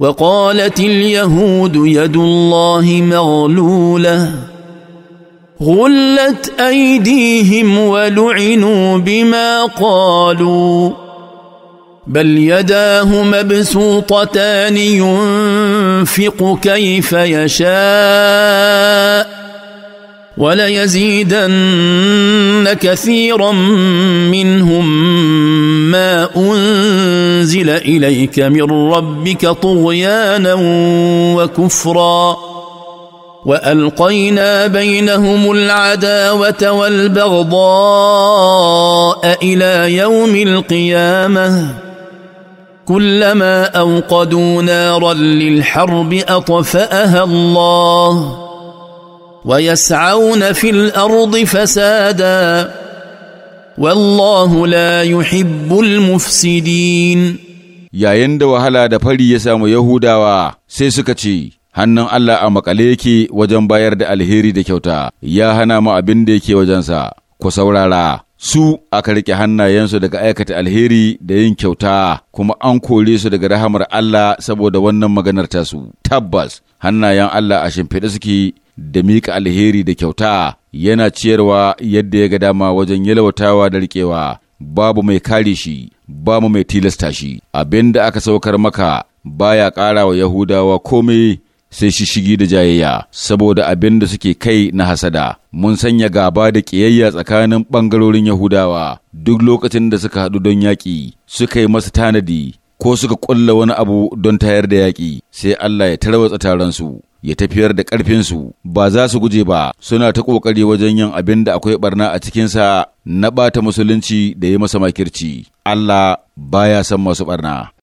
وقالت اليهود يد الله مغلوله غلت ايديهم ولعنوا بما قالوا بل يداه مبسوطتان ينفق كيف يشاء وليزيدن كثيرا منهم ما انفق انزل اليك من ربك طغيانا وكفرا والقينا بينهم العداوه والبغضاء الى يوم القيامه كلما اوقدوا نارا للحرب اطفاها الله ويسعون في الارض فسادا والله لا يحب المفسدين yayin da wahala da fari ya samu Yahudawa sai suka ce, Hannun Allah a makale yake wajen bayar da alheri da kyauta, ya hana mu abin da yake wajensa, ku saurara, su aka riƙe hannayensu daga aikata alheri da yin kyauta, kuma an kore su daga rahamar Allah saboda wannan maganar tasu, tabbas hannayen Allah a shimfida suke da miƙa alheri da kyauta yana ciyarwa yadda ya ga dama wajen yalwatawa da riƙewa babu mai kare shi babu mai tilasta shi abin da aka saukar maka baya ƙara wa yahudawa komai sai shi shigi da jayayya saboda abin da suke kai na hasada mun sanya gaba da ƙiyayya tsakanin ɓangarorin yahudawa duk lokacin da suka haɗu don yaƙi suka yi masa tanadi ko suka ƙulla wani abu don tayar da yaƙi sai allah ya tarwatsa taron su ya tafiyar da ƙarfinsu ba za su guje ba suna ta ƙoƙari wajen yin abin da akwai barna a cikinsa na ɓata musulunci da ya masa makirci Allah baya san masu barna